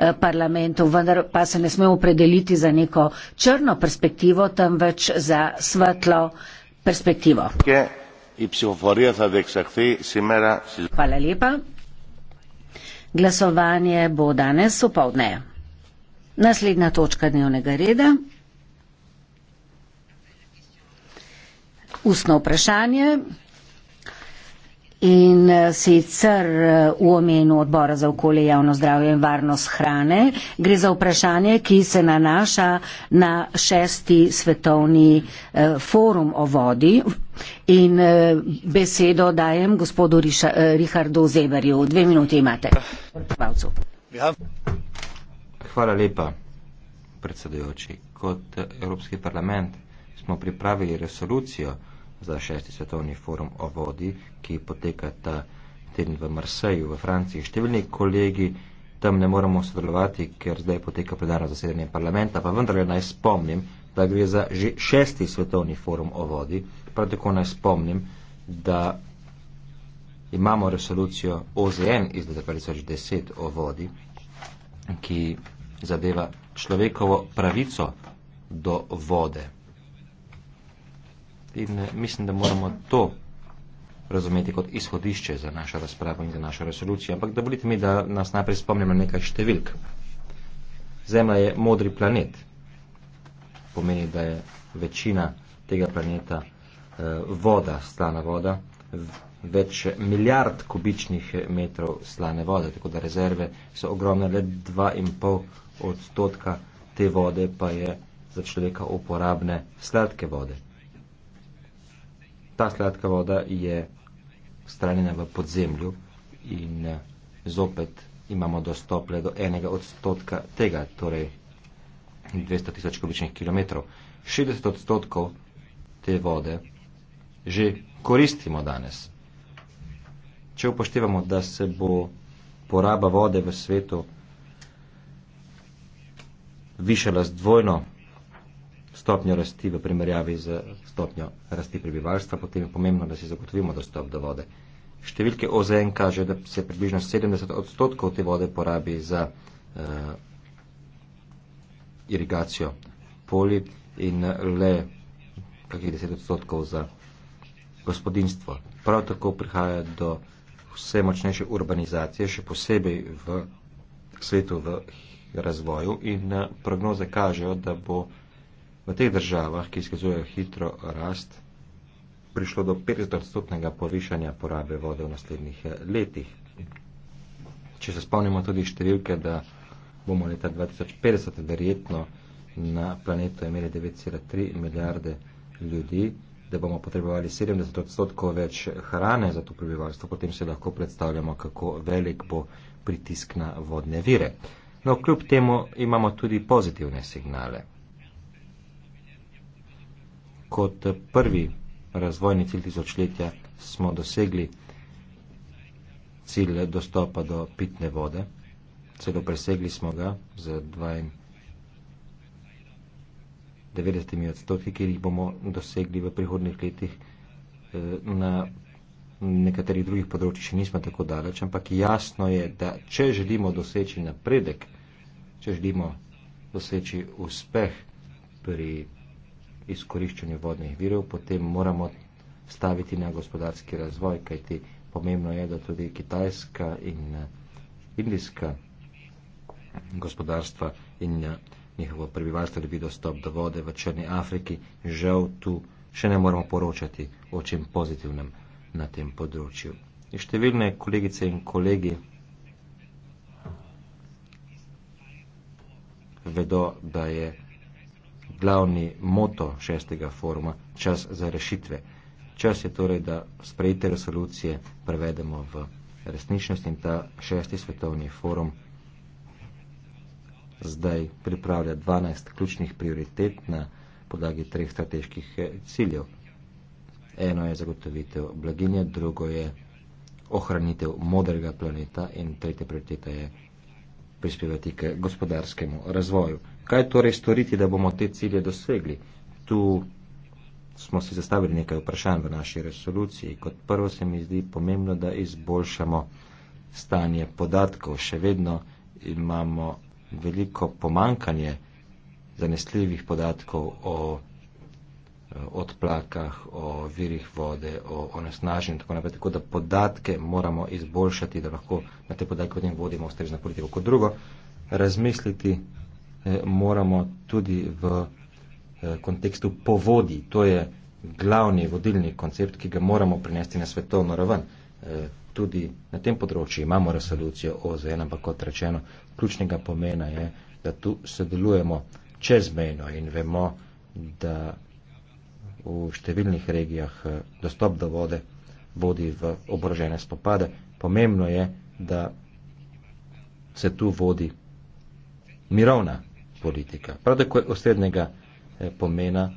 Eh, parlamentu, vendar pa se ne smemo predeliti za neko črno perspektivo, temveč za svetlo perspektivo. Hvala lepa. Glasovanje bo danes v povdne. Naslednja točka dnevnega reda. Ustno vprašanje in eh, sicer eh, v omenu odbora za okolje, javno zdravje in varnost hrane. Gre za vprašanje, ki se nanaša na šesti svetovni eh, forum o vodi in besedo dajem gospodu Richardu Zeberju. Dve minuti imate. Hvala lepa, predsedujoči. Kot Evropski parlament smo pripravili resolucijo, za šesti svetovni forum o vodi, ki poteka ta teden v Marseju v Franciji. Številni kolegi tam ne moremo sodelovati, ker zdaj poteka predano zasedanje parlamenta, pa vendar le naj spomnim, da gre za že šesti svetovni forum o vodi. Prav tako naj spomnim, da imamo resolucijo OZN iz leta 2010 o vodi, ki zadeva človekovo pravico do vode. In eh, mislim, da moramo to razumeti kot izhodišče za našo razpravo in za našo resolucijo. Ampak dovolite mi, da nas najprej spomnimo nekaj številk. Zemlja je modri planet. Pomeni, da je večina tega planeta eh, voda, slana voda, več milijard kubičnih metrov slane vode, tako da rezerve so ogromne, le 2,5 odstotka te vode pa je za človeka uporabne sladke vode ta sladka voda je stranjena v podzemlju in eh, zopet imamo dostop le do enega odstotka tega, torej 200 tisoč kubičnih kilometrov. 60 odstotkov te vode že koristimo danes. Če upoštevamo, da se bo poraba vode v svetu višala z dvojno stopnjo rasti v primerjavi z stopnjo rasti prebivalstva, potem je pomembno, da si zagotovimo dostop do vode. Številke OZN kaže, da se približno 70 odstotkov te vode porabi za uh, irigacijo poli in eh, le kakih 10 odstotkov za gospodinstvo. Prav tako prihaja do vse močnejše urbanizacije, še posebej v svetu v razvoju in eh, prognoze kažejo, da bo teh državah, ki izkazujejo hitro rast, prišlo do 50-odstotnega povišanja porabe vode v naslednjih eh, letih. Če se spomnimo tudi številke, da bomo leta 2050 verjetno na planetu imeli 9,3 milijarde ljudi, da bomo potrebovali 70 odstotkov več hrane za to prebivalstvo, potem se lahko predstavljamo, kako velik bo pritisk na vodne vire. No, kljub temu imamo tudi pozitivne signale kot prvi razvojni cilj tisočletja smo dosegli cilj dostopa do pitne vode. Celo presegli smo ga z 92 odstotki, ki jih bomo dosegli v prihodnih letih. Eh, na nekaterih drugih področjih še nismo tako daleč, ampak jasno je, da če želimo doseči napredek, če želimo doseči uspeh pri izkoriščanju vodnih virov, potem moramo staviti na gospodarski razvoj, kajti pomembno je, da tudi kitajska in eh, indijska gospodarstva in eh, njihovo prebivalstvo dobi dostop do vode v Črni Afriki. Žal tu še ne moramo poročati o čem pozitivnem na tem področju. In številne kolegice in kolegi vedo, da je glavni moto šestega foruma, čas za rešitve. Čas je torej, da sprejete resolucije prevedemo v resničnost in ta šesti svetovni forum zdaj pripravlja 12 ključnih prioritet na podlagi treh strateških eh, ciljev. Eno je zagotovitev blaginje, drugo je ohranitev modrega planeta in tretja prioriteta je prispevati k gospodarskemu razvoju. Kaj torej storiti, da bomo te cilje dosegli? Tu smo si zastavili nekaj vprašanj v naši resoluciji. Kot prvo se mi zdi pomembno, da izboljšamo stanje podatkov. Še vedno imamo veliko pomankanje zanesljivih podatkov o eh, odplakah, o virih vode, o onesnaženju in tako naprej. Tako da podatke moramo izboljšati, da lahko na te podatke potem vodimo ustrezno politiko. Kot drugo, razmisliti Eh, moramo tudi v eh, kontekstu povodi, to je glavni vodilni koncept, ki ga moramo prinesti na svetovno raven. Eh, tudi na tem področju imamo resolucijo OZN, ampak kot rečeno, ključnega pomena je, da tu sodelujemo čezmejno in vemo, da v številnih regijah dostop do vode vodi v oborožene spopade. Pomembno je, da se tu vodi mirovna politika. Prav tako je osrednjega eh, pomena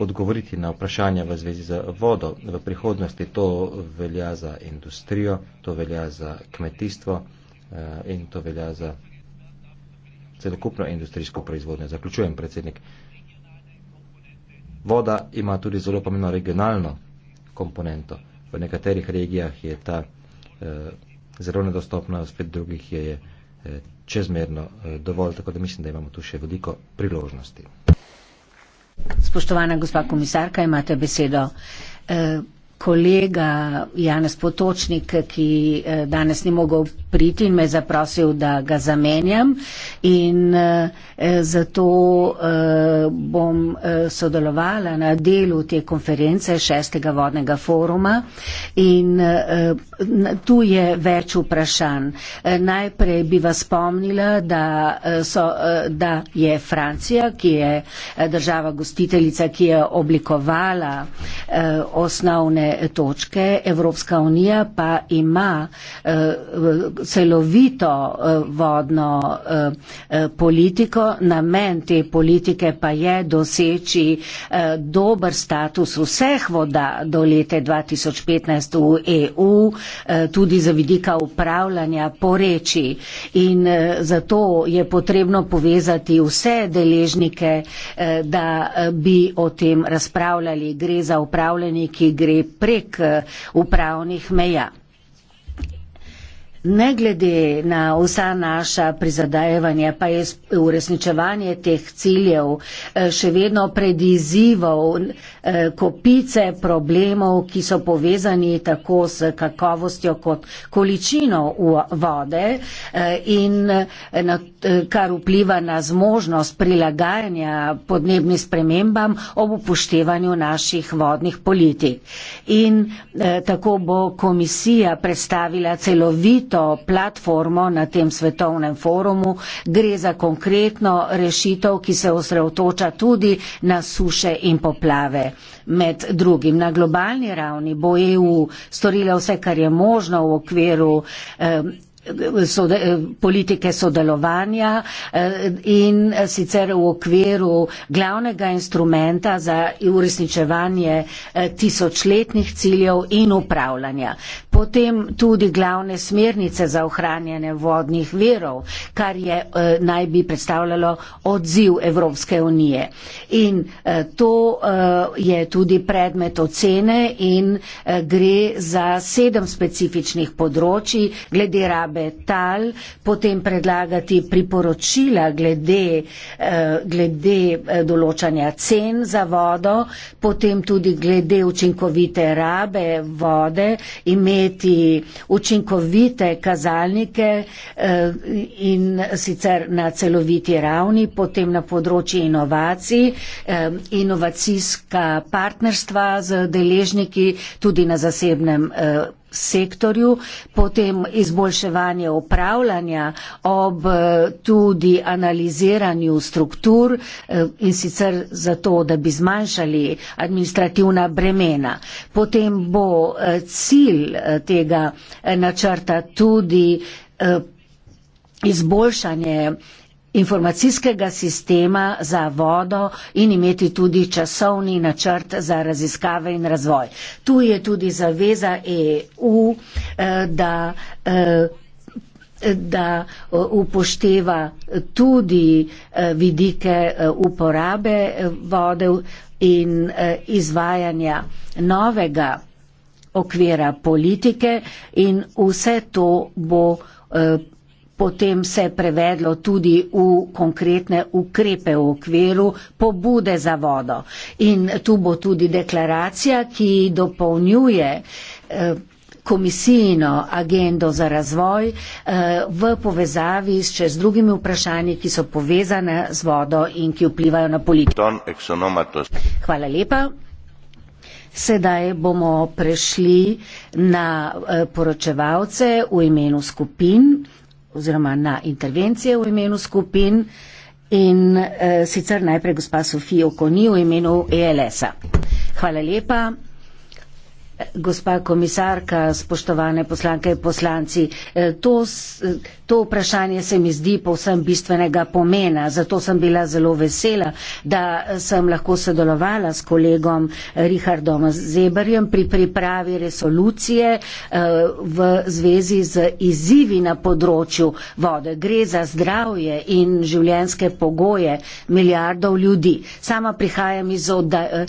odgovoriti na vprašanja v zvezi z vodo. V prihodnosti to velja za industrijo, to velja za kmetijstvo eh, in to velja za celokupno industrijsko proizvodnjo. Zaključujem, predsednik. Voda ima tudi zelo pomembno regionalno komponento. V nekaterih regijah je ta eh, zelo nedostopna, spet drugih je. je Eh, čezmerno eh, dovolj, tako da mislim, da imamo tu še veliko priložnosti. Spoštovana gospa komisarka, imate besedo. Eh, kolega Janes Potočnik, ki eh, danes ni mogel priti in me je zaprosil, da ga zamenjam. In eh, zato eh, bom sodelovala na delu te konference šestega vodnega foruma. In tu je več vprašanj. Najprej bi vas spomnila, da, so, da je Francija, ki je država gostiteljica, ki je oblikovala osnovne točke. Evropska unija pa ima eh, celovito eh, vodno eh, politiko. Namen te politike pa je doseči dober status vseh voda do leta 2015 v EU, tudi za vidika upravljanja poreči. In zato je potrebno povezati vse deležnike, da bi o tem razpravljali. Gre za upravljanje, ki gre prek eh, upravnih meja. Ne glede na vsa naša prizadevanja, pa je uresničevanje teh ciljev eh, še vedno pred izzivom eh, kopice problemov, ki so povezani tako s kakovostjo kot količino vode eh, in kar vpliva na zmožnost prilagajanja podnebnim spremembam ob upoštevanju naših vodnih politik. In tako bo komisija predstavila celovit učinkovito platformo na tem svetovnem forumu. Gre za konkretno rešitev, ki se osredotoča tudi na suše in poplave. Med drugim na globalni ravni bo EU storila vse, kar je možno v okviru. Um, politike sodelovanja eh, in sicer v okviru glavnega instrumenta za uresničevanje eh, tisočletnih ciljev in upravljanja potem tudi glavne smernice za ohranjanje vodnih verov, kar je e, naj bi predstavljalo odziv Evropske unije. In e, to e, je tudi predmet ocene in e, gre za sedem specifičnih področji glede rabe tal, potem predlagati priporočila glede, e, glede določanja cen za vodo, potem tudi glede učinkovite rabe vode, imeti imeti učinkovite kazalnike eh, in sicer na celoviti ravni, potem na področju inovacij, eh, inovacijska partnerstva z deležniki tudi na zasebnem področju. Eh, sektorju, potem izboljševanje upravljanja ob eh, tudi analiziranju struktur eh, in sicer zato, da bi zmanjšali administrativna bremena. Potem bo eh, cilj tega načrta tudi izboljšanje informacijskega sistema za vodo in imeti tudi časovni načrt za raziskave in razvoj. Tu je tudi zaveza EU, eh, da, eh, da eh, upošteva tudi vidike uporabe vode in izvajanja novega okvira politike in vse to bo potem se je prevedlo tudi v konkretne ukrepe v okviru pobude za vodo. In tu bo tudi deklaracija, ki dopolnjuje eh, komisijino agendo za razvoj eh, v povezavi s čez drugimi vprašanji, ki so povezane z vodo in ki vplivajo na politiko. Hvala lepa. Sedaj bomo prešli na eh, poročevalce v imenu skupin oziroma na intervencije v imenu skupin in e, sicer najprej gospa Sofijo Koni v imenu ELS-a. Hvala lepa. Gospa komisarka, spoštovane poslanke in poslanci, eh, to, eh, to vprašanje se mi zdi povsem bistvenega pomena, zato sem bila zelo vesela, da eh, sem lahko sodelovala s kolegom Richardom Zeberjem pri pripravi resolucije v zvezi z izzivi na področju vode. Gre za zdravje in življenske pogoje milijardov ljudi. Sama prihajam iz oddaje,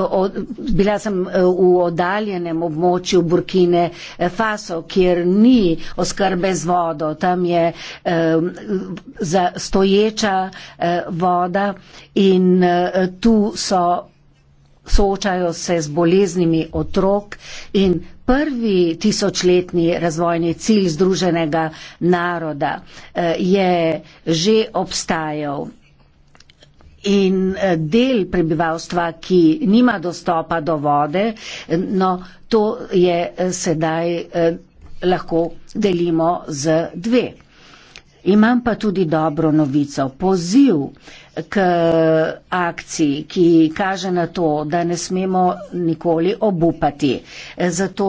od, bila sem v oddaji, oddaljenem območju Burkine eh, Faso, kjer ni oskrbe z vodo, tam je eh, stoječa eh, voda in eh, tu so soočajo se z boleznimi otrok in prvi tisočletni razvojni cilj Združenega naroda eh, je že obstajal in eh, del prebivalstva, ki nima dostopa do vode, no, to je eh, sedaj eh, lahko delimo z dve. Imam pa tudi dobro novico. Poziv k akciji, ki kaže na to, da ne smemo nikoli obupati. Zato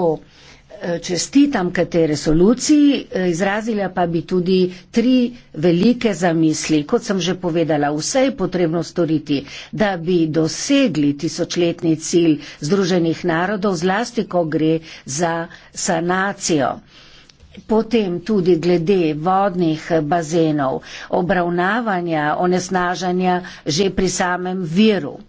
Eh, čestitam k tej resoluciji, eh, izrazila pa bi tudi tri velike zamisli. Kot sem že povedala, vse je potrebno storiti, da bi dosegli tisočletni cilj Združenih narodov, zlasti, ko gre za sanacijo. Potem tudi glede vodnih bazenov, obravnavanja, onesnažanja že pri samem viru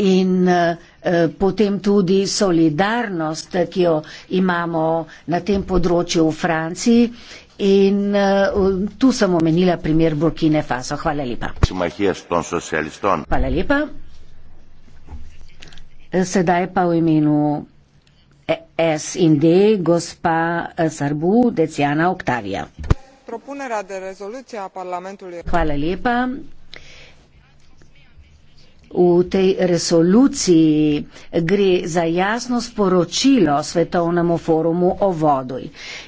in eh, eh, potem tudi solidarnost, ki jo imamo na tem področju v Franciji. In uh, tu sem omenila primer Burkine Faso. Hvala lepa. Hvala lepa. Sedaj pa v imenu e, SND gospa Sarbu Decijana Oktavija. Hvala lepa. V tej resoluciji gre za jasno sporočilo svetovnemu forumu o vodoj.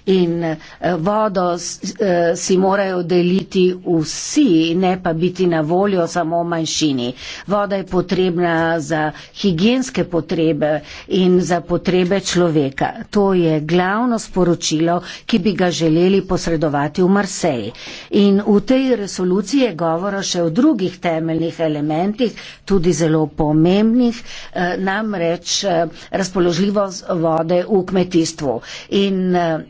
In eh, vodo eh, si morajo deliti vsi, ne pa biti na voljo samo manjšini. Voda je potrebna za higijenske potrebe in za potrebe človeka. To je glavno sporočilo, ki bi ga želeli posredovati v Marseji. In v tej resoluciji je govora še o drugih temeljnih elementih, tudi zelo pomembnih, eh, namreč eh, razpoložljivost vode v kmetijstvu. In, eh,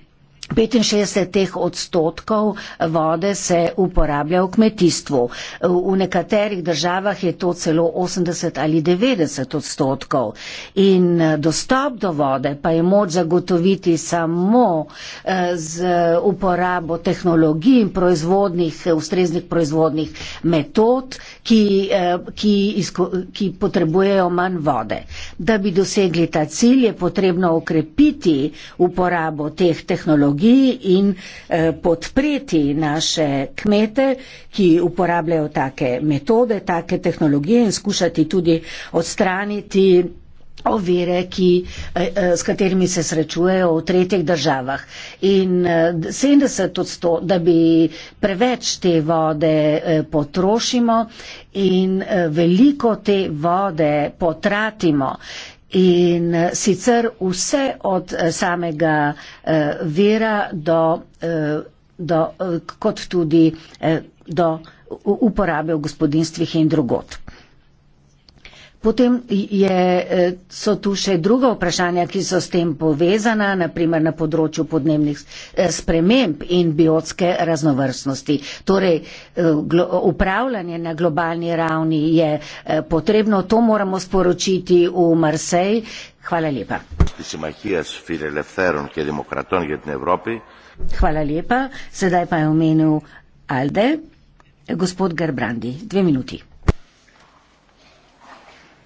65 odstotkov vode se uporablja v kmetijstvu. V nekaterih državah je to celo 80 ali 90 odstotkov. In eh, dostop do vode pa je moč zagotoviti samo eh, z uporabo tehnologij in proizvodnih, ustreznih proizvodnih metod, ki, eh, ki, izko, ki potrebujejo manj vode. Da bi dosegli ta cilj, je potrebno ukrepiti uporabo teh tehnologij tehnologiji in eh, podpreti naše kmete, ki uporabljajo take metode, take tehnologije in skušati tudi odstraniti ovire, ki, eh, eh, s katerimi se srečujejo v tretjih državah. In 70 odstotkov, da bi preveč te vode potrošimo in veliko te vode potratimo in eh, sicer vse od eh, samega eh, vera do, do, kot tudi do uporabe v gospodinstvih in drugot. Potem je, e, so tu še druga vprašanja, ki so s tem povezana, naprimer na področju podnebnih e, sprememb in biotske raznovrstnosti. Torej, e, upravljanje na globalni ravni je potrebno, to moramo sporočiti v Marsej. Hvala lepa. Hvala lepa. Sedaj pa je omenil Alde. Gospod Gerbrandi, dve minuti.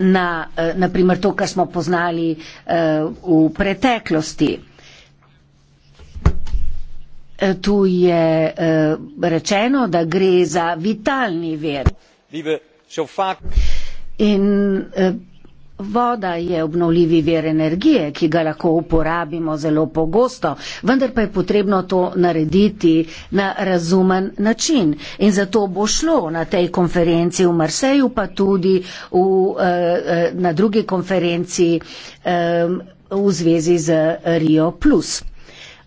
na, eh, na primer, to, kar smo poznali eh, v preteklosti. Eh, tu je rečeno, da gre za vitalni ver. In Voda je obnovljivi vir energije, ki ga lahko uporabimo zelo pogosto, vendar pa je potrebno to narediti na razumen način. In zato bo šlo na tej konferenci v Marseju, pa tudi v, eh, eh, na drugi konferenci eh, v zvezi z Rio.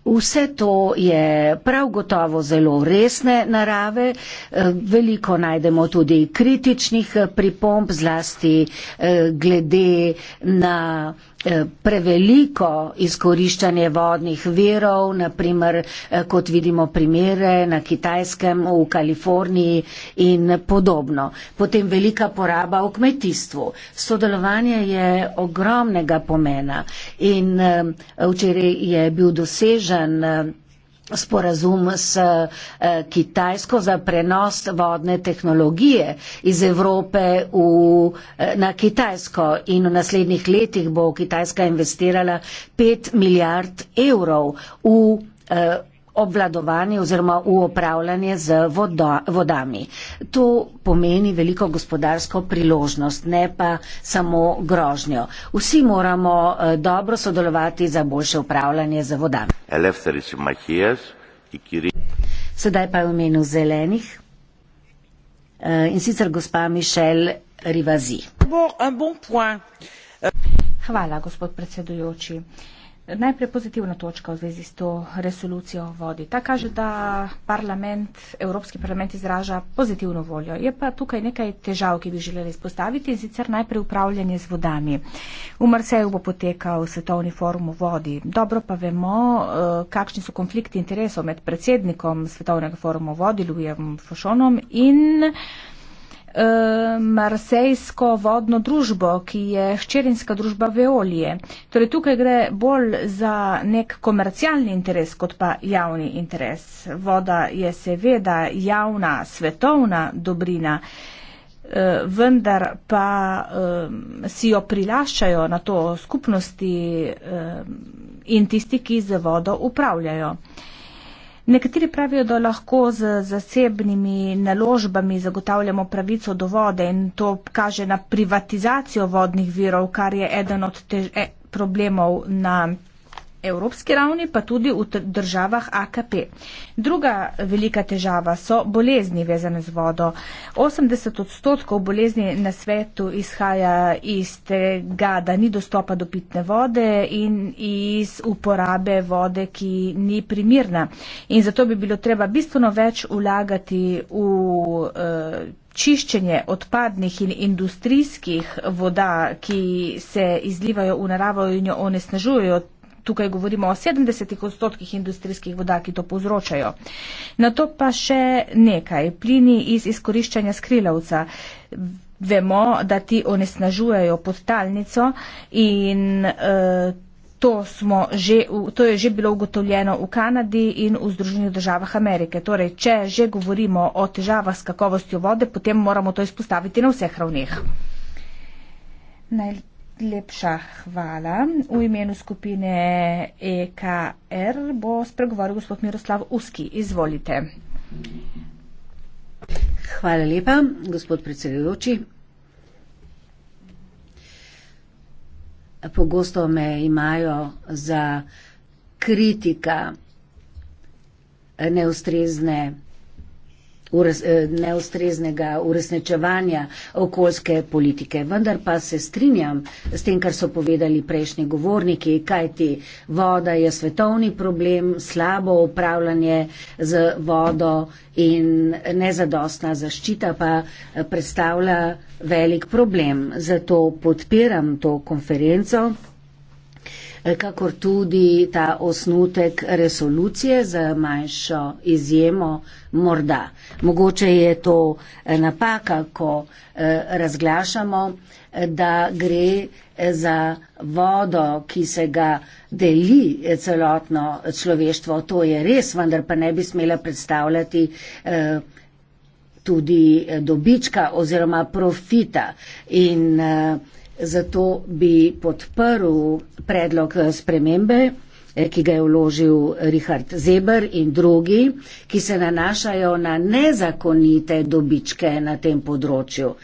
Vse to je prav gotovo zelo resne narave. Eh, veliko najdemo tudi kritičnih pripomb, zlasti eh, glede na Eh, preveliko izkoriščanje vodnih verov, naprimer eh, kot vidimo primere na Kitajskem, v Kaliforniji in podobno. Potem velika poraba v kmetijstvu. Sodelovanje je ogromnega pomena in eh, včeraj je bil dosežen sporazum s eh, Kitajsko za prenos vodne tehnologije iz Evrope v, eh, na Kitajsko in v naslednjih letih bo Kitajska investirala 5 milijard evrov v eh, obvladovanje oziroma v upravljanje z vodo, vodami. To pomeni veliko gospodarsko priložnost, ne pa samo grožnjo. Vsi moramo eh, dobro sodelovati za boljše upravljanje z vodami. Sedaj pa je v imenu zelenih eh, in sicer gospa Mišel Rivazi. Hvala, gospod predsedujoči. Najprej pozitivna točka v zvezi s to resolucijo o vodi. Ta kaže, da parlament, Evropski parlament izraža pozitivno voljo. Je pa tukaj nekaj težav, ki bi želeli izpostaviti in sicer najprej upravljanje z vodami. V Marseju bo potekal svetovni forum o vodi. Dobro pa vemo, eh, kakšni so konflikti interesov med predsednikom svetovnega foruma o vodi, Lujem Fošonom in Eh, marsejsko vodno družbo, ki je hčerinska družba Veolije. Torej tukaj gre bolj za nek komercialni interes kot pa javni interes. Voda je seveda javna svetovna dobrina, eh, vendar pa eh, si jo prilaščajo na to skupnosti in tisti, ki z vodo upravljajo. Nekateri pravijo, da lahko z zasebnimi naložbami zagotavljamo pravico do vode in to kaže na privatizacijo vodnih virov, kar je eden od težav e, problemov na evropski ravni, pa tudi v državah AKP. Druga velika težava so bolezni vezane z vodo. 80 odstotkov bolezni na svetu izhaja iz tega, da ni dostopa do pitne vode in iz uporabe vode, ki ni primirna. In zato bi bilo treba bistveno več ulagati v. Uh, Čiščenje odpadnih in industrijskih voda, ki se izlivajo v naravo in jo onesnažujejo, tukaj govorimo o 70 odstotkih industrijskih voda, ki to povzročajo. Na to pa še nekaj, plini iz izkoriščanja skrilavca. Vemo, da ti onesnažujejo podtalnico in uh, to, smo že, to je že bilo ugotovljeno v Kanadi in v Združenju državah Amerike. Torej, če že govorimo o težavah s kakovostjo vode, potem moramo to izpostaviti na vseh ravneh. Naj, Lepša hvala. V imenu skupine EKR bo spregovoril gospod Miroslav Uski. Izvolite. Hvala lepa, gospod predsedujoči. Pogosto me imajo za kritika neustrezne Eh, neustreznega uresničevanja okoljske politike. Vendar pa se strinjam s tem, kar so povedali prejšnji govorniki, kajti voda je svetovni problem, slabo upravljanje z vodo in nezadostna zaščita pa eh, predstavlja velik problem. Zato podpiram to konferenco kakor tudi ta osnutek resolucije z manjšo izjemo morda. Mogoče je to eh, napaka, ko eh, razglašamo, eh, da gre za vodo, ki se ga deli celotno človeštvo. To je res, vendar pa ne bi smela predstavljati tudi dobička oziroma profita. In uh, Zato bi podprl predlog spremembe, eh, ki ga je vložil Richard Zeber in drugi, ki se nanašajo na nezakonite dobičke na tem področju.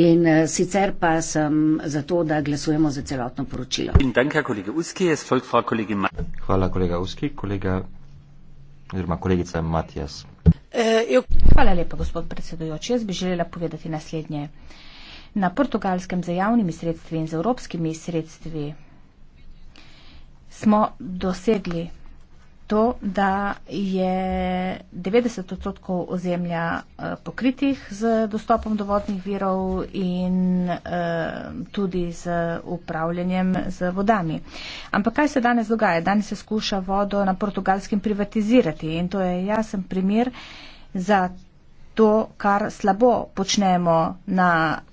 In eh, sicer pa sem za to, da glasujemo za celotno poročilo. Hvala, kolega Uski. Kolega, oziroma kolegica Matijas. Eh, Hvala lepa, gospod predsedujoči. Jaz bi želela povedati naslednje na portugalskem z javnimi sredstvi in z evropskimi sredstvi smo dosegli to, da je 90 odstotkov ozemlja eh, pokritih z dostopom do vodnih virov in eh, tudi z upravljanjem z vodami. Ampak kaj se danes dogaja? Danes se skuša vodo na portugalskem privatizirati in to je jasen primer za to, kar slabo počnemo na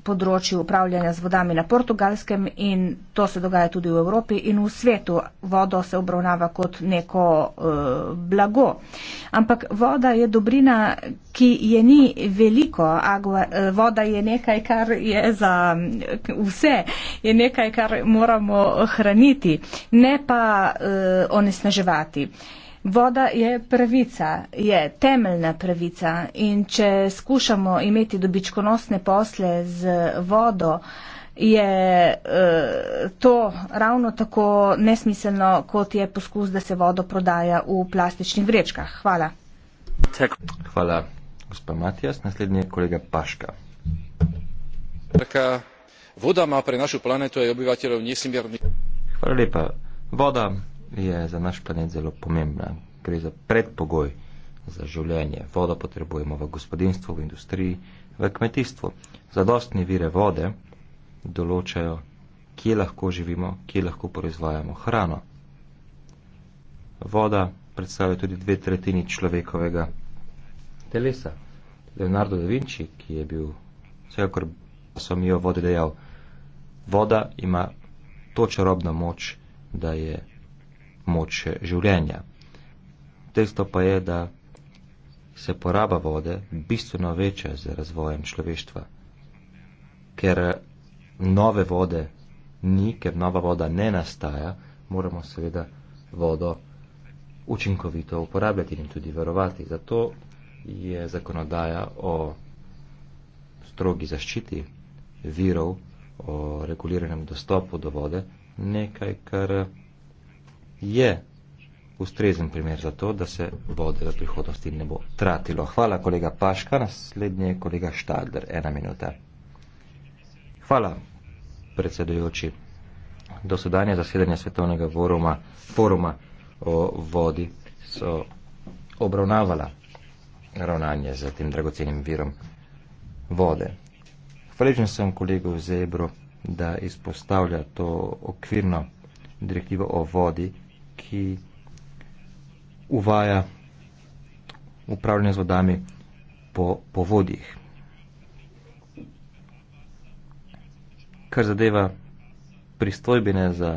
področju upravljanja z vodami na portugalskem in to se dogaja tudi v Evropi in v svetu. Vodo se obravnava kot neko uh, blago. Ampak voda je dobrina, ki je ni veliko. Agua, uh, voda je nekaj, kar je za eh, vse, je nekaj, kar moramo hraniti, ne pa uh, onesnaževati. Uh, Voda je pravica, je temeljna pravica in če skušamo imeti dobičkonosne posle z vodo, je eh, to ravno tako nesmiselno, kot je poskus, da se vodo prodaja v plastičnih vrečkah. Hvala. Hvala, gospod Matjas. Naslednji je kolega Paška. Voda ima pri našem planetu in obivateljev nesmirni. Hvala lepa. Voda je za naš planet zelo pomembna. Gre za predpogoj za življenje. Vodo potrebujemo v gospodinstvu, v industriji, v kmetijstvu. Zadostne vire vode določajo, kje lahko živimo, kje lahko proizvajamo hrano. Voda predstavlja tudi dve tretjini človekovega telesa. Leonardo da Vinci, ki je bil vse, kar so mi o vodi dejal, voda ima to čarobno moč, da je moč življenja. Dejstvo pa je, da se poraba vode bistveno veča z razvojem človeštva, ker eh, nove vode ni, ker nova voda ne nastaja, moramo seveda vodo učinkovito uporabljati in tudi verovati. Zato je zakonodaja o strogi zaščiti virov, o reguliranem dostopu do vode nekaj, kar je ustrezen primer za to, da se vode v prihodnosti ne bo tratilo. Hvala, kolega Paška. Naslednji je kolega Štalder. Ena minuta. Hvala, predsedujoči. Dosedanje zasedanja Svetovnega voruma, foruma o vodi so obravnavala ravnanje z tem dragocenim virom vode. Hvaležen sem kolegu Zebru, da izpostavlja to okvirno direktivo o vodi, ki uvaja upravljanje z vodami po, po vodjih. Kar zadeva pristojbine za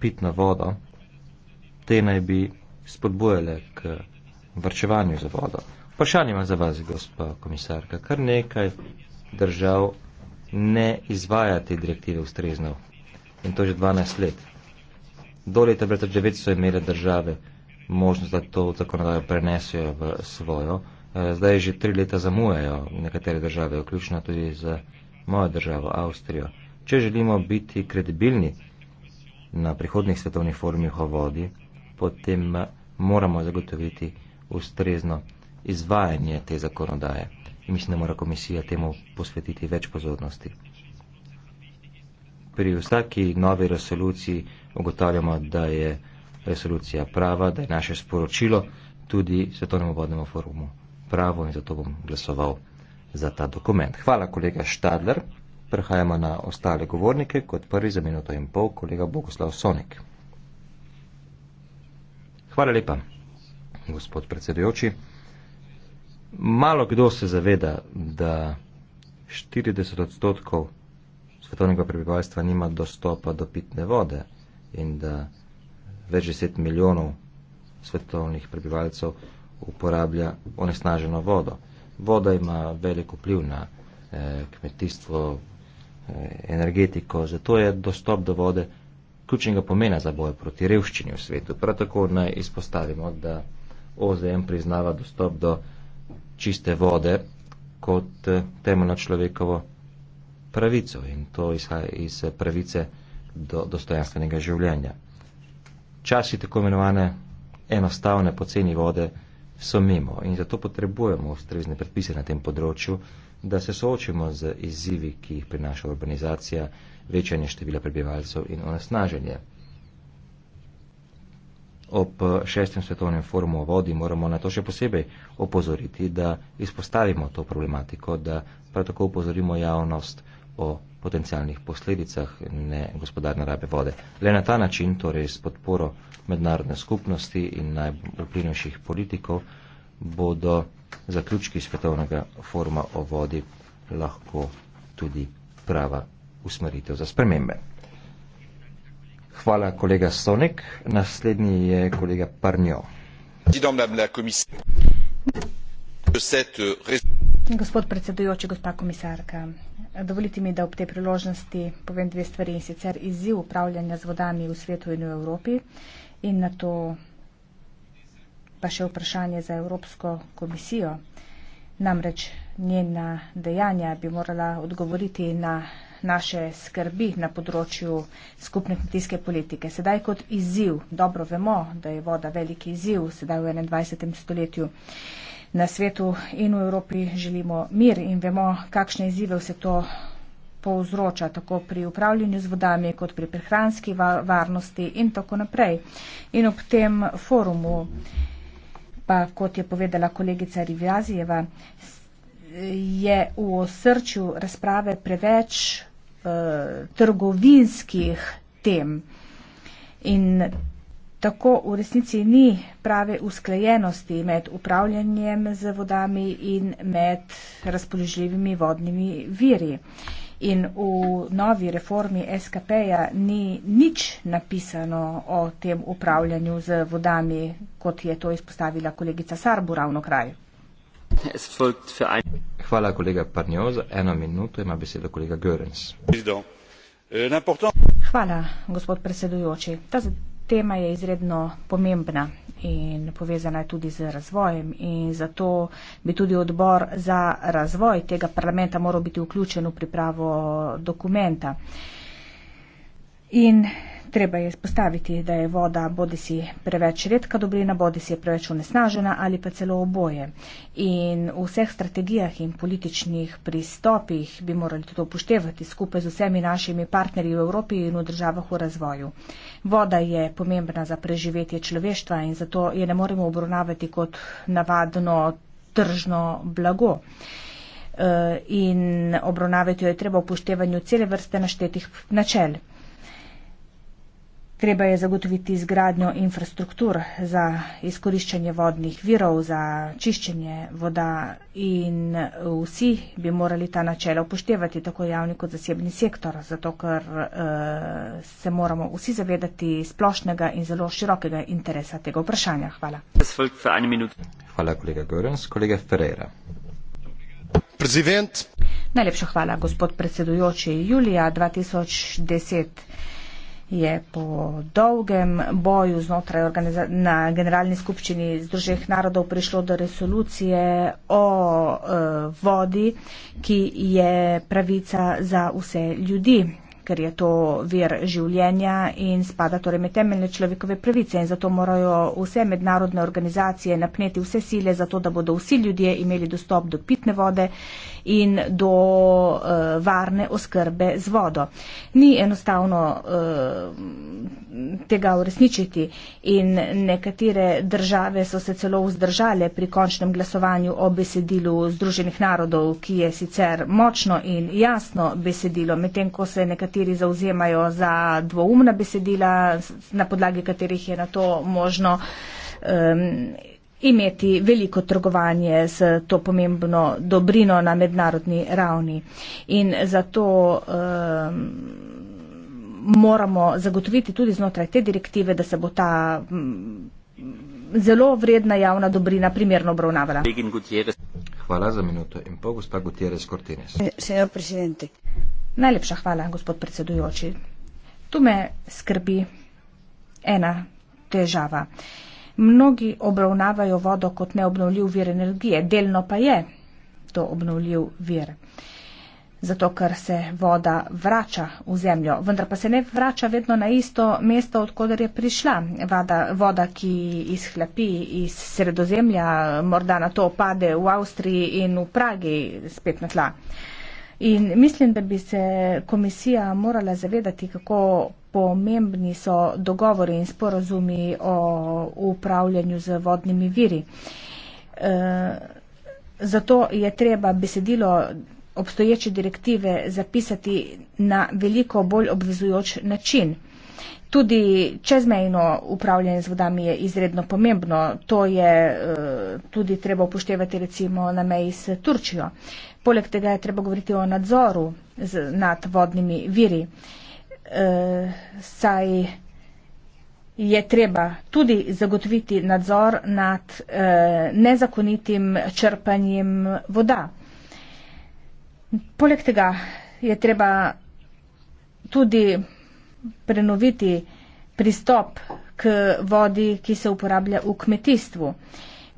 pitno vodo, te naj bi spodbojale k vrčevanju za vodo. Vprašanje ima za vas, gospa komisarka. Kar nekaj držav ne izvaja te direktive ustrezno. In to že 12 let do leta 1909 so imele države možnost, da to zakonodajo prenesijo v svojo. Eh, zdaj že tri leta zamujajo nekatere države, vključno tudi z mojo državo, Avstrijo. Če želimo biti kredibilni na prihodnih svetovnih forumih o vodi, potem eh, moramo zagotoviti ustrezno izvajanje te zakonodaje. In mislim, da mora komisija temu posvetiti več pozornosti pri vsaki novi resoluciji ugotavljamo, da je resolucija prava, da je naše sporočilo tudi svetovnemu vodnemu forumu pravo in zato bom glasoval za ta dokument. Hvala, kolega Štadler. Prehajamo na ostale govornike, kot prvi za minuto in pol, kolega Bogoslav Sonik. Hvala lepa, gospod predsedujoči. Malo kdo se zaveda, da 40 odstotkov svetovnega prebivalstva nima dostopa do pitne vode in da več deset milijonov svetovnih prebivalcev uporablja onesnaženo vodo. Voda ima veliko vpliv na eh, kmetijstvo, eh, energetiko, zato je dostop do vode ključnega pomena za boj proti revščini v svetu. Prav tako naj izpostavimo, da OZM priznava dostop do čiste vode kot eh, temeljno človekovo pravico in to izhaja iz pravice do dostojanstvenega življenja. Časi tako imenovane enostavne poceni vode so mimo in zato potrebujemo ustrezne predpise na tem področju, da se soočimo z izzivi, ki jih prinaša urbanizacija, večanje števila prebivalcev in onesnaženje. Ob šestem svetovnem forumu o vodi moramo na to še posebej opozoriti, da izpostavimo to problematiko, da prav tako upozorimo javnost, o potencialnih posledicah negospodarne rabe vode. Le na ta način, torej s podporo mednarodne skupnosti in najvplivnejših politikov, bodo zaključki svetovnega foruma o vodi lahko tudi prava usmeritev za spremembe. Hvala, kolega Sonek. Naslednji je kolega Parnjo. Dis donc, madame la commissaire, de cette euh, résolution. Gospod predsedujoči, gospa komisarka, dovolite mi, da ob tej priložnosti povem dve stvari in sicer izziv upravljanja z vodami v svetu in v Evropi in na to pa še vprašanje za Evropsko komisijo. Namreč njena dejanja bi morala odgovoriti na naše skrbi na področju skupne kmetijske politike. Sedaj kot izziv, dobro vemo, da je voda veliki izziv sedaj v 21. stoletju. Uh, na svetu in v Evropi želimo mir in vemo, kakšne izzive vse to povzroča, tako pri upravljanju z vodami, kot pri prehranski varnosti in tako naprej. In ob tem forumu, pa kot je povedala kolegica Rivjazijeva, je v osrčju razprave preveč eh, trgovinskih tem. In Tako v resnici ni prave usklajenosti med upravljanjem z vodami in med razpoložljivimi vodnimi viri. In v novi reformi SKP-ja ni nič napisano o tem upravljanju z vodami, kot je to izpostavila kolegica Sarbu ravno kraj. Hvala, kolega Parnjoz. Eno minuto ima besedo kolega Görens. Euh, Hvala, gospod predsedujoči. Ta tema je izredno pomembna in povezana je tudi z razvojem in zato bi tudi odbor za razvoj tega parlamenta moral biti vključen v pripravo dokumenta. In treba je spostaviti, da je voda bodi si preveč redka dobrina, bodi si je preveč onesnažena ali pa celo oboje. In v vseh strategijah in političnih pristopih bi morali to upoštevati skupaj z vsemi našimi partnerji v Evropi in v državah v razvoju. Voda je pomembna za preživetje človeštva in zato je ne moremo obravnavati kot navadno tržno blago eh, in obravnavati jo je treba upoštevanju cele vrste naštetih načel. Treba je zagotoviti izgradnjo infrastruktur za izkoriščanje vodnih virov, za čiščenje voda in vsi bi morali ta načela upoštevati, tako javni kot zasebni sektor, zato ker eh, se moramo vsi zavedati splošnega in zelo širokega interesa tega vprašanja. Hvala. Hvala, kolega Görens. Kolega Ferreira. Prezident. Najlepša hvala, gospod predsedujoči. Julija 2010 je po dolgem boju znotraj na Generalni skupščini Združenih narodov prišlo do resolucije o eh, vodi, ki je pravica za vse ljudi ker je to vir življenja in spada torej med temeljne človekove pravice in zato morajo vse mednarodne organizacije napneti vse sile za to, da bodo vsi ljudje imeli dostop do pitne vode in do uh, varne oskrbe z vodo. Ni enostavno uh, tega uresničiti in nekatere države so se celo vzdržale pri končnem glasovanju o besedilu Združenih narodov, ki je sicer močno in jasno besedilo, medtem ko se nekateri zauzemajo za dvoumna besedila, na podlagi katerih je na to možno um, imeti veliko trgovanje s to pomembno dobrino na mednarodni ravni. In zato um, moramo zagotoviti tudi znotraj te direktive, da se bo ta mm, zelo vredna javna dobrina primerno obravnavala. Hvala za minuto in pol, gospa Gutierrez Cortines. Eh, Najlepša hvala, gospod predsedujoči. Tu me skrbi ena težava. Mnogi obravnavajo vodo kot neobnovljiv vir energije, delno pa je to obnovljiv vir zato ker se voda vrača v zemljo, vendar pa se ne vrača vedno na isto mesto, odkudar je prišla. Voda, voda, ki izhlapi iz sredozemlja, morda na to pade v Avstriji in v Pragi spet na tla. In mislim, da bi se komisija morala zavedati, kako pomembni so dogovori in sporozumi o upravljanju z vodnimi viri. E, zato je treba besedilo obstoječe direktive zapisati na veliko bolj obvezujoč način. Tudi čezmejno upravljanje z vodami je izredno pomembno. To je eh, tudi treba upoštevati recimo na meji s Turčijo. Poleg tega je treba govoriti o nadzoru nad vodnimi viri. Eh, saj je treba tudi zagotoviti nadzor nad eh, nezakonitim črpanjem voda. Poleg tega je treba tudi prenoviti pristop k vodi, ki se uporablja v kmetijstvu.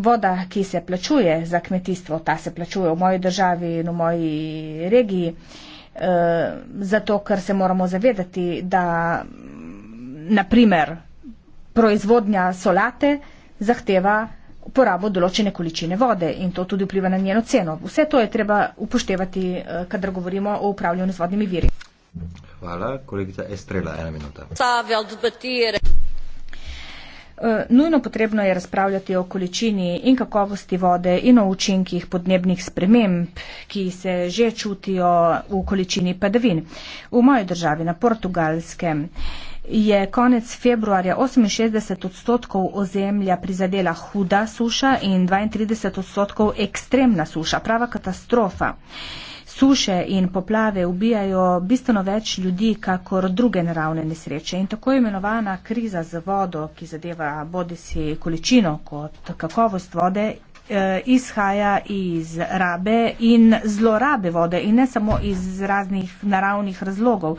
Voda, ki se plačuje za kmetijstvo, ta se plačuje v moji državi in v moji regiji, eh, zato ker se moramo zavedati, da naprimer proizvodnja solate zahteva uporabo določene količine vode in to tudi vpliva na njeno ceno. Vse to je treba upoštevati, eh, kadar govorimo o upravljanju z vodnimi viri. Hvala, kolegica Estrela, ena minuta. Eh, nujno potrebno je razpravljati o količini in kakovosti vode in o učinkih podnebnih sprememb, ki se že čutijo v količini padavin. V moji državi na portugalskem je konec februarja 68 odstotkov ozemlja prizadela huda suša in 32 odstotkov ekstremna suša, prava katastrofa. Suše in poplave ubijajo bistveno več ljudi, kakor druge naravne nesreče. In tako imenovana kriza z vodo, ki zadeva bodi si količino kot kakovost vode, eh, izhaja iz rabe in zlorabe vode in ne samo iz raznih naravnih razlogov.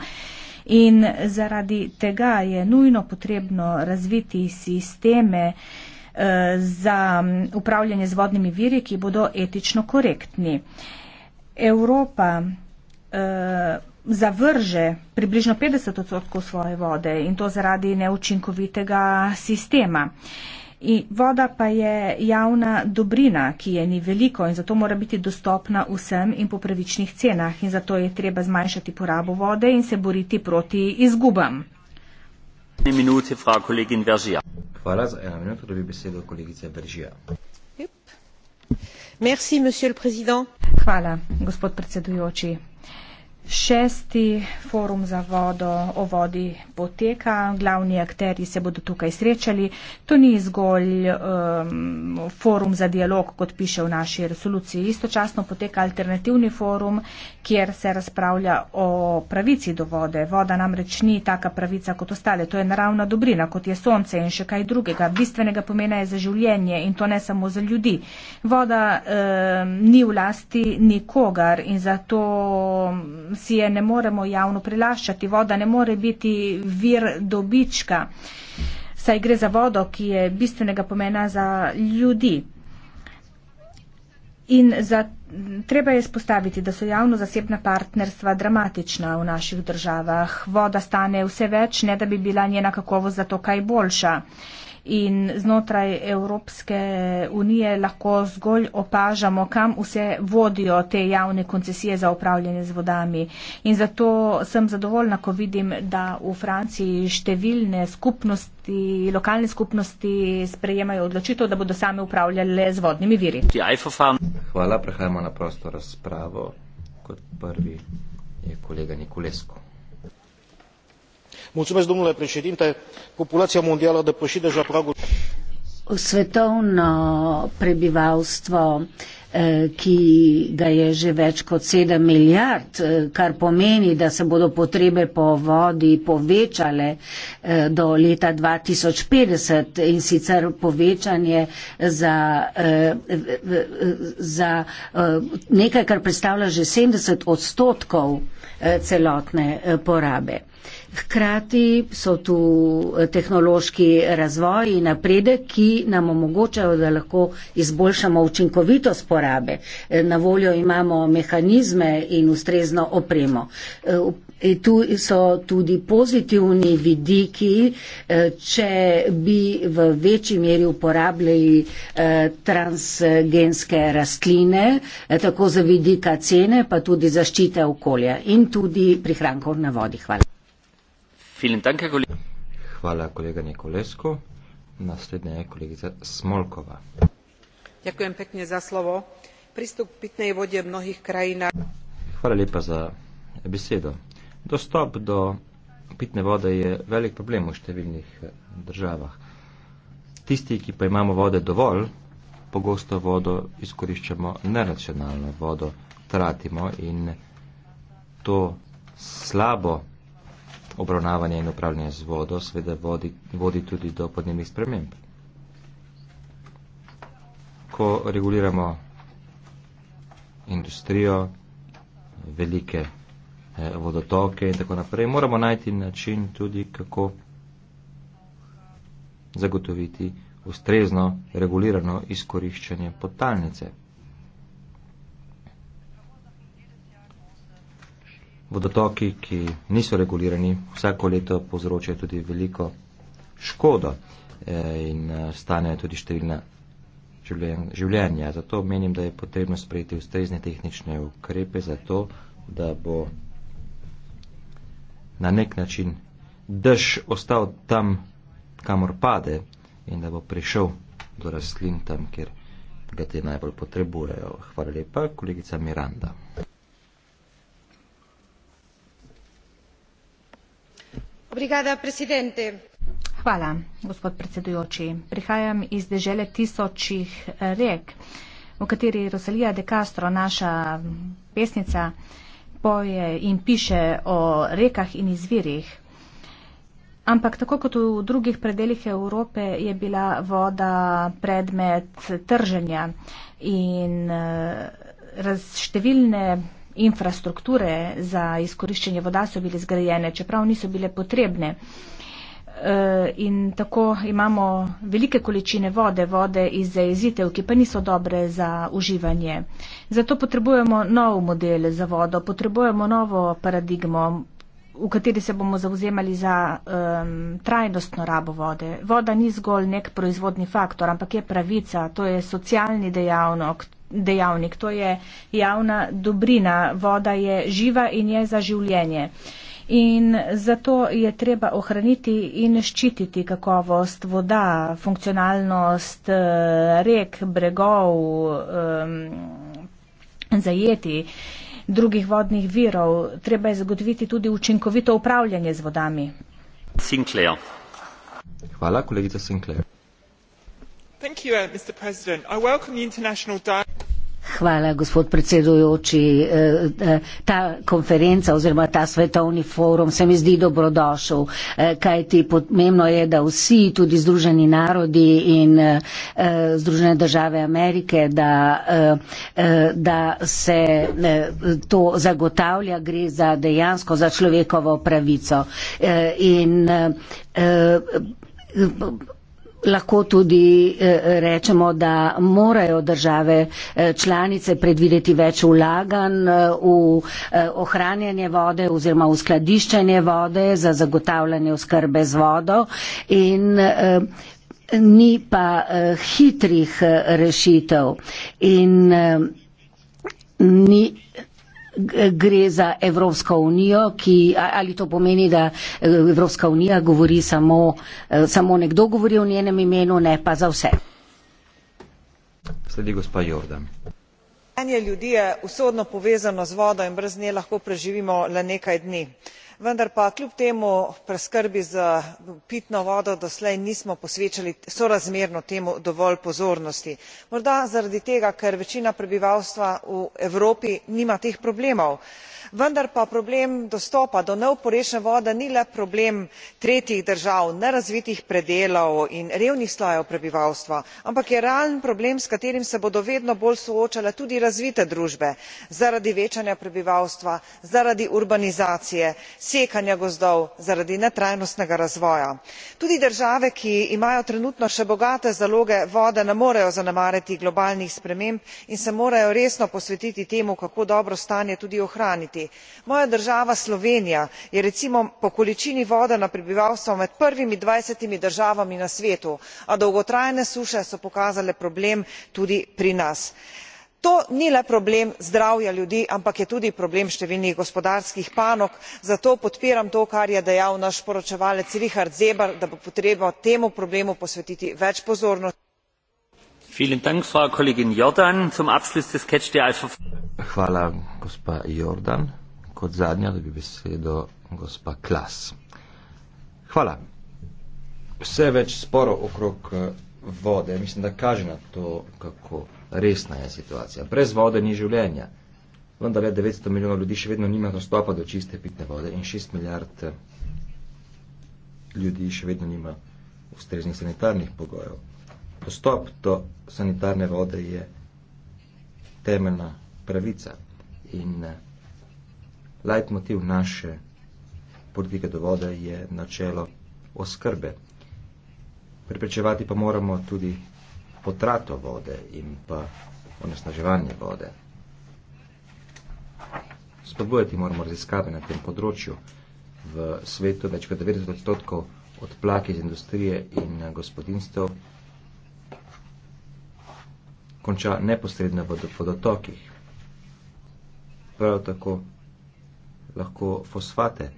In zaradi tega je nujno potrebno razviti sisteme eh, za mm, upravljanje z vodnimi viri, ki bodo etično korektni. Evropa eh, zavrže približno 50 odstotkov svoje vode in to zaradi neučinkovitega sistema. In voda pa je javna dobrina, ki je ni veliko in zato mora biti dostopna vsem in po pravičnih cenah. In zato je treba zmanjšati porabo vode in se boriti proti izgubam. Hvala za eno minuto, da bi besedo kolegice Veržija. Merci, Hvala, gospod predsedujoči. Šesti forum za vodo o vodi poteka, glavni akteri se bodo tukaj srečali. To ni zgolj um, forum za dialog, kot piše v naši resoluciji. Istočasno poteka alternativni forum, kjer se razpravlja o pravici do vode. Voda namreč ni taka pravica kot ostale. To je naravna dobrina, kot je sonce in še kaj drugega. Bistvenega pomena je za življenje in to ne samo za ljudi. Voda um, ni v lasti nikogar in zato si je ne moremo javno prilaščati. Voda ne more biti vir dobička, saj gre za vodo, ki je bistvenega pomena za ljudi. In zato Treba je spostaviti, da so javno-zasebna partnerstva dramatična v naših državah. Voda stane vse več, ne da bi bila njena kakovost zato kaj boljša. In znotraj Evropske unije lahko zgolj opažamo, kam vse vodijo te javne koncesije za upravljanje z vodami. In zato sem zadovoljna, ko vidim, da v Franciji številne skupnosti, lokalne skupnosti sprejemajo odločitev, da bodo same upravljale z vodnimi viri. Hvala, prehajamo na prosto razpravo. Kot prvi je kolega Nikolesko. Mulțumesc, domnule președinte. Populația mondială depășește deja pragul. Svetovno prebivalstvo Eh, ki ga je že več kot 7 milijard, eh, kar pomeni, da se bodo potrebe po vodi povečale eh, do leta 2050 in sicer povečanje za, za nekaj, kar predstavlja že 70 odstotkov celotne porabe. Hkrati so tu eh, tehnološki razvoj in napredek, ki nam omogočajo, da lahko izboljšamo učinkovitost porabe. Eh, na voljo imamo mehanizme in ustrezno opremo. In eh, tu so tudi pozitivni vidiki, če bi v večji meri uporabljali transgenske rastline, tako za vidika cene, pa tudi zaščite okolja in tudi prihrankov na vodi. Hvala. Hvala, kolega Nikolesko. Naslednja je kolegica Smolkova. Ďakujem pekne za slovo. Prístup k pitnej vode v mnohých krajinách. Hvala lepa za besedo. Dostop do pitne vode je velik problem v številnih eh, državah. Tisti, ki pa imamo vode dovolj, pogosto vodo izkoriščamo neracionalno, vodo tratimo in to slabo obravnavanje in upravljanje z vodo seveda vodi, vodi tudi do podnebnih sprememb. Ko reguliramo industrijo, velike eh, vodotoke in tako naprej, moramo najti način tudi, kako zagotoviti ustrezno regulirano izkoriščanje potalnice. vodotoki, ki niso regulirani, vsako leto povzročajo tudi veliko škodo eh, in eh, stanejo tudi številna življenja. Zato menim, da je potrebno sprejeti ustrezne tehnične ukrepe za to, da bo na nek način dež ostal tam, kamor pade in da bo prišel do rastlin tam, kjer ga te najbolj potrebujejo. Hvala lepa, kolegica Miranda. Hvala, gospod predsedujoči. Prihajam iz dežele tisočih eh, rek, v kateri Rosalija de Castro, naša mm, pesnica, poje in piše o rekah in izvirih. Ampak tako kot v drugih predeljih Evrope je bila voda predmet trženja in eh, številne infrastrukture za izkoriščenje voda so bile zgrajene, čeprav niso bile potrebne. Eh, in tako imamo velike količine vode, vode iz zajezitev, ki pa niso dobre za uživanje. Zato potrebujemo nov model za vodo, potrebujemo novo paradigmo, v kateri se bomo zauzemali za um, trajnostno rabo vode. Voda ni zgolj nek proizvodni faktor, ampak je pravica, to je socialni dejavnik, dejavnik. To je javna dobrina. Voda je živa in je za življenje. In zato je treba ohraniti in ščititi kakovost voda, funkcionalnost eh, rek, bregov, zajeti drugih vodnih virov. Treba je zagotoviti tudi učinkovito upravljanje z vodami. Sinclair. Hvala, kolegica Sinclair. Thank you, uh, Mr. President. I welcome the international dialogue hvala, gospod predsedujoči. Eh, eh, ta konferenca oziroma ta svetovni forum se mi zdi dobrodošel, eh, kajti pomembno je, da vsi, tudi Združeni narodi in Združene države Amerike, da, da se to zagotavlja, gre za dejansko za človekovo pravico. In, lahko tudi eh, rečemo, da morajo države eh, članice predvideti več vlaganj eh, v ohranjanje vode oziroma v skladiščanje vode za zagotavljanje oskrbe z vodo in ni pa hitrih rešitev in ni gre za Evropsko unijo, ki, ali to pomeni, da e, Evropska unija govori samo, e, samo nekdo govori v njenem imenu, ne pa za vse. Sledi gospa Jordan. Stanje ljudi je usodno povezano z vodo in brez nje lahko preživimo le nekaj dni vendar pa kljub temu preskrbi s pitno vodo doslej nismo posvečali sorazmerno temu dovolj pozornosti morda zaradi tega ker večina prebivalstva v evropi nima teh problemov vendar pa problem dostopa do neoporečne vode ni le problem tretjih držav nerazvitih predelov in revnih slojev prebivalstva ampak je realen problem s katerim se bodo vedno bolj soočale tudi razvite družbe zaradi večanja prebivalstva zaradi urbanizacije sekanja gozdov zaradi netrajnostnega razvoja. tudi države ki imajo trenutno še bogate zaloge vode ne morejo zanemariti globalnih sprememb in se morajo resno posvetiti temu kako dobro stanje tudi ohraniti. moja država slovenija je recimo po količini vode na prebivalstvo med prvimi dvajsetimi državami na svetu a dolgotrajne suše so pokazale problem tudi pri nas to ni le problem zdravja ljudi ampak je tudi problem številnih gospodarskih panog zato podpiram to kar je dejal naš poročevalec richard seeber da bo potrebno temu problemu posvetiti več pozornosti. hvala. vse več sporov okrog eh, vode mislim da kaže na to kako resna je situacija. Brez vode ni življenja. Vendar le 900 milijonov ljudi še vedno nima dostopa do čiste pitne vode in 6 milijard eh, ljudi še vedno nima ustreznih sanitarnih pogojev. Dostop do sanitarne vode je temeljna pravica in eh, leitmotiv naše politike do vode je načelo oskrbe. Priprečevati pa moramo tudi potrato vode in pa onesnaževanje vode. Spodbujati moramo raziskave na tem področju. V svetu več kot 90 odstotkov odplak iz industrije in gospodinstv konča neposredno v vodotokih. Prav tako lahko fosfate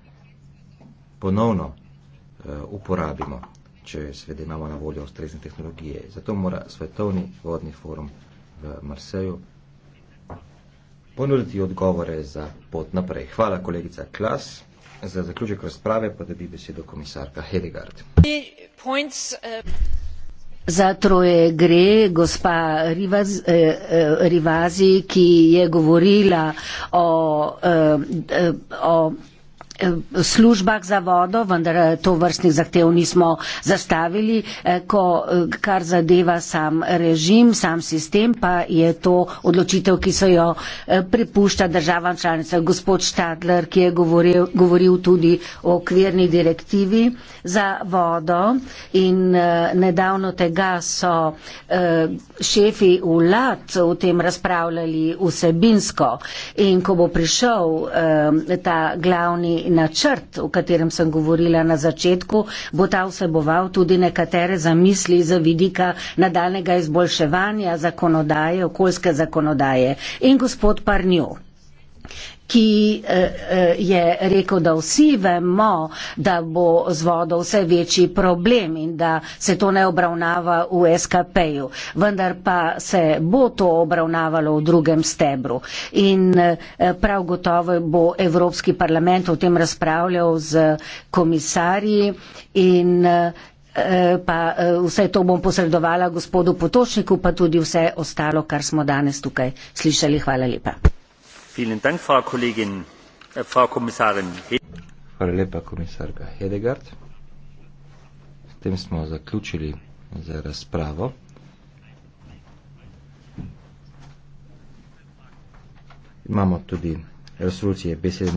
ponovno eh, uporabimo če seveda imamo na voljo ustrezne tehnologije. Zato mora svetovni vodni forum v Marseju ponuditi odgovore za pot naprej. Hvala kolegica Klas. Za zaključek razprave pa dobi besedo komisarka Hedegard. Za troje gre gospa Rivaz, eh, eh, Rivazi, ki je govorila o, eh, eh o Eh, službah za vodo, vendar eh, to vrstnih zahtev nismo zastavili, eh, ko, kar zadeva sam režim, sam sistem, pa je to odločitev, ki so jo pripušča državam članicam. Gospod Štadler, ki je govoril, govoril tudi o okvirni direktivi za vodo in nedavno tega so šefi vlad v tem razpravljali vsebinsko in ko bo prišel ta glavni načrt, o katerem sem govorila na začetku, bo ta vseboval tudi nekatere zamisli za vidika nadaljnega izboljševanja zakonodaje, okoljske zakonodaje. In gospod Parnjo ki eh, eh, je rekel, da vsi vemo, da bo z vodo vse večji problem in da se to ne obravnava v SKP-ju, vendar pa se bo to obravnavalo v drugem stebru. In eh, prav gotovo bo Evropski parlament o tem razpravljal z komisarji in pa vse to bom posredovala gospodu Potočniku, pa tudi vse ostalo, kar smo danes tukaj slišali. Hvala lepa. Äh, Hvala lepa, komisarka Hedegard. S tem smo zaključili za razpravo. Imamo tudi resolucije besedne.